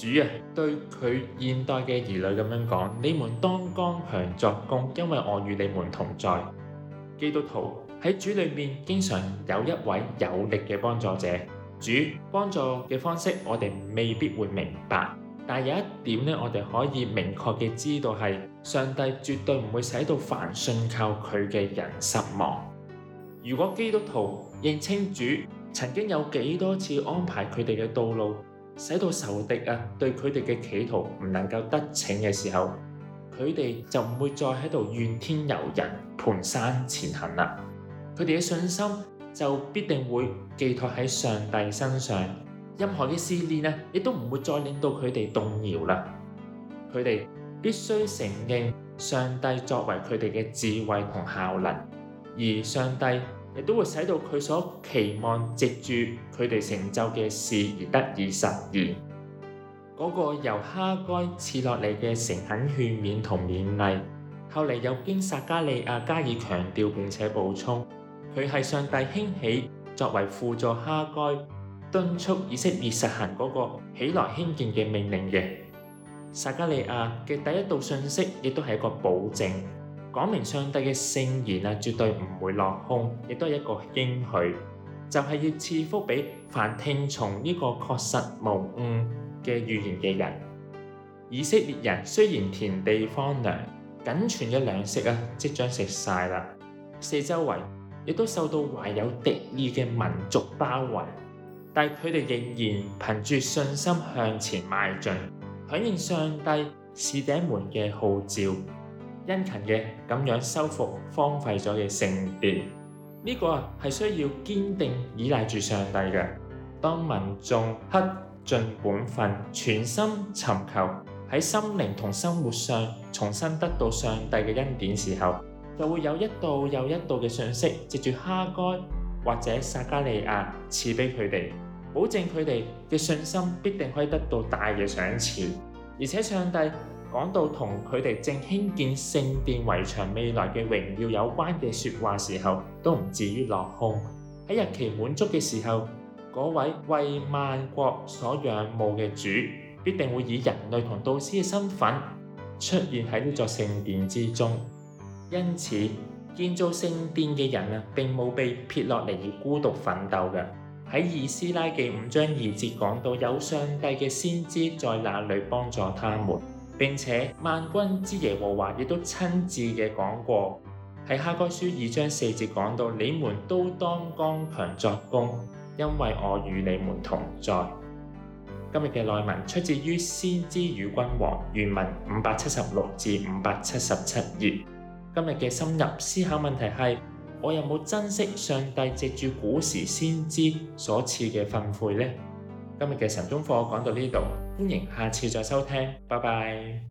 主啊，對佢現代嘅兒女咁樣講，你們當剛強作工，因為我與你們同在。基督徒喺主裏面，經常有一位有力嘅幫助者。主幫助嘅方式，我哋未必會明白，但有一點呢，我哋可以明確嘅知道係，上帝絕對唔會使到凡信靠佢嘅人失望。如果基督徒認清主曾經有幾多次安排佢哋嘅道路。使到仇敵啊，對佢哋嘅企圖唔能夠得逞嘅時候，佢哋就唔會再喺度怨天尤人，蹣跚前行啦。佢哋嘅信心就必定會寄託喺上帝身上，任何嘅試煉啊，亦都唔會再令到佢哋動搖啦。佢哋必須承認上帝作為佢哋嘅智慧同效能，而上帝。亦都會使到佢所期望藉住佢哋成就嘅事而得以實現。嗰、那個由哈該賜落嚟嘅誠懇勸勉同勉勵，後嚟又經撒迦利亞加以強調並且補充，佢係上帝興起作為輔助哈該敦促以色列實行嗰個起來興建嘅命令嘅。撒迦利亞嘅第一道訊息亦都係一個保證。講明上帝嘅聖言啊，絕對唔會落空，亦都係一個應許，就係、是、要賜福俾凡聽從呢個確實無誤嘅預言嘅人。以色列人雖然田地荒涼，僅存嘅糧食啊即將食晒啦，四周圍亦都受到懷有敵意嘅民族包圍，但係佢哋仍然憑住信心向前邁進，響應上帝使者們嘅號召。殷勤嘅咁樣修復荒廢咗嘅聖殿，呢個係需要堅定依賴住上帝嘅。當民眾恪盡本分、全心尋求喺心靈同生活上重新得到上帝嘅恩典時候，就會有一道又一道嘅訊息，藉住哈該或者撒迦利亞賜畀佢哋，保證佢哋嘅信心必定可以得到大嘅賞賜，而且上帝。講到同佢哋正興建聖殿圍牆未來嘅榮耀有關嘅説話時候，都唔至於落空。喺日期滿足嘅時候，嗰位為萬國所仰慕嘅主必定會以人類同導師嘅身份出現喺呢座聖殿之中。因此，建造聖殿嘅人啊，並冇被撇落嚟而孤獨奮鬥嘅。喺以斯拉記五章二節講到，有上帝嘅先知在那裏幫助他們。並且萬軍之耶和華亦都親自嘅講過，喺哈該書二章四節講到：你們都當剛強作工，因為我與你們同在。今日嘅內文出自於先知與君王原文五百七十六至五百七十七頁。今日嘅深入思考問題係：我有冇珍惜上帝借住古時先知所賜嘅訓誨呢？今日嘅晨鐘課講到呢度，歡迎下次再收聽，拜拜。